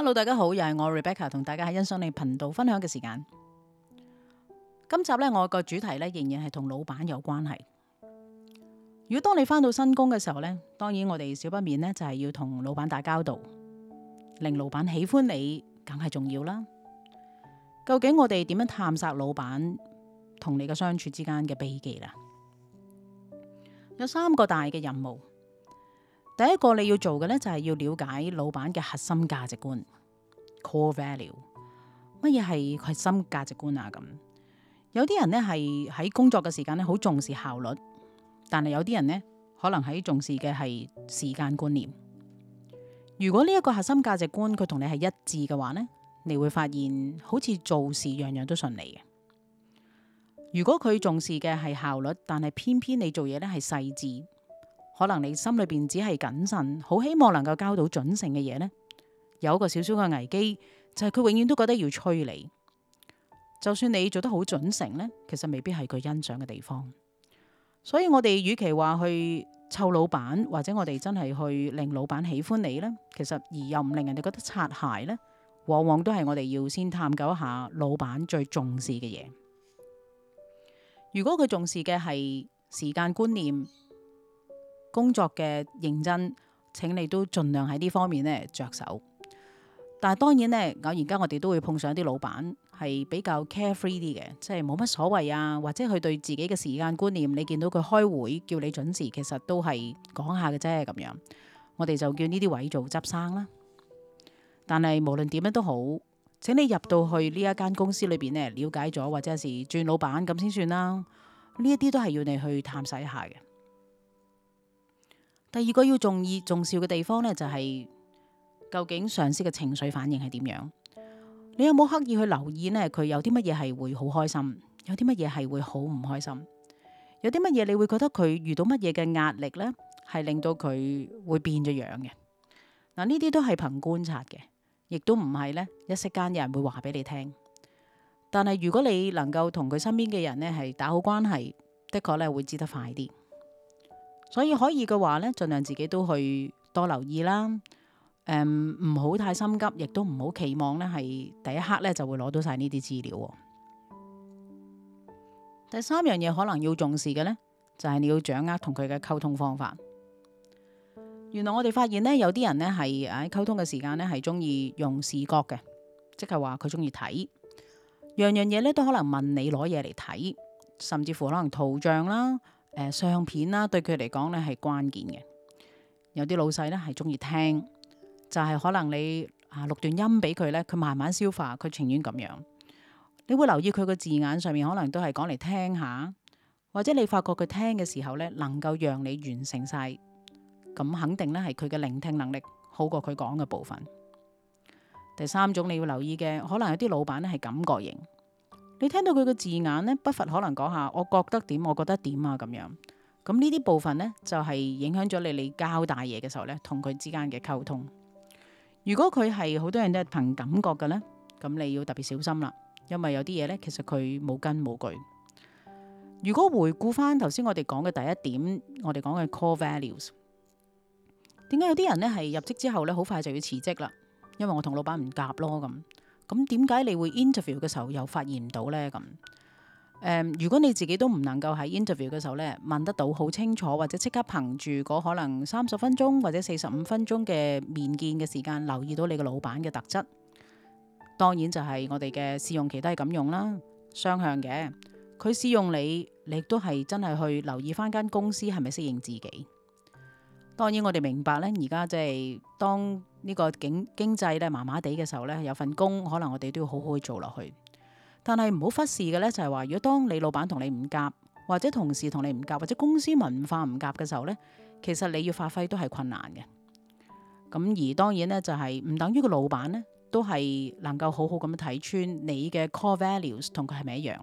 hello，大家好，又係我 Rebecca 同大家喺欣賞你頻道分享嘅時間。今集咧，我個主題咧仍然係同老闆有關係。如果當你返到新工嘅時候咧，當然我哋少不免咧就係要同老闆打交道，令老闆喜歡你，梗係重要啦。究竟我哋點樣探索老闆同你嘅相處之間嘅秘技啦？有三個大嘅任務。第一個你要做嘅，呢就係要了解老闆嘅核心價值觀 （core value）。乜嘢係核心價值觀啊？咁有啲人呢，係喺工作嘅時間咧好重視效率，但係有啲人呢，可能喺重視嘅係時間觀念。如果呢一個核心價值觀佢同你係一致嘅話呢，你會發現好似做事樣樣都順利嘅。如果佢重視嘅係效率，但係偏偏你做嘢呢係細緻。可能你心裏邊只係謹慎，好希望能夠交到準成嘅嘢呢，有一個少少嘅危機，就係佢永遠都覺得要催你，就算你做得好準成呢，其實未必係佢欣賞嘅地方。所以我哋與其話去湊老闆，或者我哋真係去令老闆喜歡你呢，其實而又唔令人哋覺得擦鞋呢，往往都係我哋要先探究一下老闆最重視嘅嘢。如果佢重視嘅係時間觀念。工作嘅認真，請你都盡量喺呢方面咧着手。但係當然咧，偶然間我哋都會碰上一啲老闆係比較 carefree 啲嘅，即係冇乜所謂啊，或者佢對自己嘅時間觀念，你見到佢開會叫你準時，其實都係講下嘅啫咁樣。我哋就叫呢啲位做執生啦。但係無論點樣都好，請你入到去呢一間公司裏邊咧，了解咗或者係轉老闆咁先算啦。呢一啲都係要你去探索一下嘅。第二個要重意，重視嘅地方呢，就係究竟上司嘅情緒反應係點樣？你有冇刻意去留意呢？佢有啲乜嘢係會好開心，有啲乜嘢係會好唔開心，有啲乜嘢你會覺得佢遇到乜嘢嘅壓力呢，係令到佢會變咗樣嘅？嗱，呢啲都係憑觀察嘅，亦都唔係呢。一息間有人會話俾你聽。但係如果你能夠同佢身邊嘅人呢係打好關係，的確咧會知得快啲。所以可以嘅話呢，儘量自己都去多留意啦。嗯，唔好太心急，亦都唔好期望呢係第一刻呢就會攞到晒呢啲資料。第三樣嘢可能要重視嘅呢，就係你要掌握同佢嘅溝通方法。原來我哋發現呢，有啲人呢係喺溝通嘅時間呢係中意用視覺嘅，即係話佢中意睇。樣樣嘢呢都可能問你攞嘢嚟睇，甚至乎可能圖像啦。誒、呃，相片啦、啊，對佢嚟講咧係關鍵嘅。有啲老細呢係中意聽，就係、是、可能你啊錄段音俾佢呢，佢慢慢消化，佢情願咁樣。你會留意佢個字眼上面，可能都係講嚟聽下，或者你發覺佢聽嘅時候呢，能夠讓你完成晒，咁肯定呢係佢嘅聆聽能力好過佢講嘅部分。第三種你會留意嘅，可能有啲老闆咧係感覺型。你聽到佢嘅字眼呢，不乏可能講下，我覺得點，我覺得點啊咁樣。咁呢啲部分呢，就係影響咗你你交大嘢嘅時候呢，同佢之間嘅溝通。如果佢係好多人都係憑感覺嘅呢，咁你要特別小心啦，因為有啲嘢呢，其實佢冇根冇據。如果回顧翻頭先我哋講嘅第一點，我哋講嘅 core values，點解有啲人呢係入職之後呢，好快就要辭職啦？因為我同老闆唔夾咯咁。咁點解你會 interview 嘅時候又發現唔到呢？咁、嗯、如果你自己都唔能夠喺 interview 嘅時候呢，問得到好清楚，或者即刻憑住嗰可能三十分鐘或者四十五分鐘嘅面見嘅時間，留意到你嘅老闆嘅特質，當然就係我哋嘅試用期都係咁用啦，雙向嘅。佢試用你，你都係真係去留意翻間公司係咪適應自己。當然我哋明白呢，而家即係當。呢個經經濟咧麻麻地嘅時候，呢有份工可能我哋都要好好去做落去。但係唔好忽視嘅呢，就係話，如果當你老闆同你唔夾，或者同事同你唔夾，或者公司文化唔夾嘅時候，呢其實你要發揮都係困難嘅。咁、嗯、而當然呢，就係唔等於個老闆呢都係能夠好好咁樣睇穿你嘅 core values 同佢係咪一樣。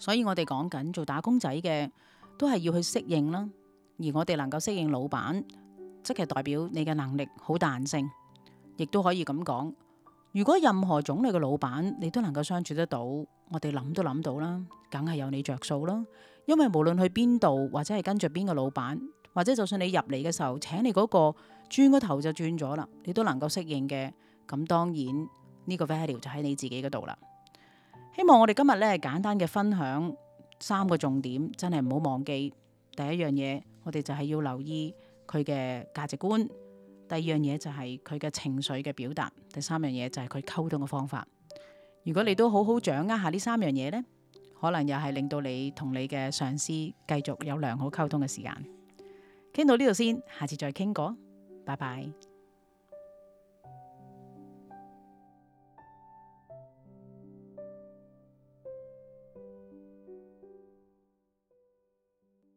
所以我哋講緊做打工仔嘅，都係要去適應啦。而我哋能夠適應老闆。即係代表你嘅能力好彈性，亦都可以咁講。如果任何種類嘅老闆，你都能夠相處得到，我哋諗都諗到啦，梗係有你着數啦。因為無論去邊度或者係跟住邊個老闆，或者就算你入嚟嘅時候，請你嗰個轉個頭就轉咗啦，你都能夠適應嘅。咁當然呢個 value 就喺你自己嗰度啦。希望我哋今日呢簡單嘅分享三個重點，真係唔好忘記。第一樣嘢，我哋就係要留意。佢嘅價值觀，第二樣嘢就係佢嘅情緒嘅表達，第三樣嘢就係佢溝通嘅方法。如果你都好好掌握下呢三樣嘢呢，可能又係令到你同你嘅上司繼續有良好溝通嘅時間。傾到呢度先，下次再傾過，拜拜。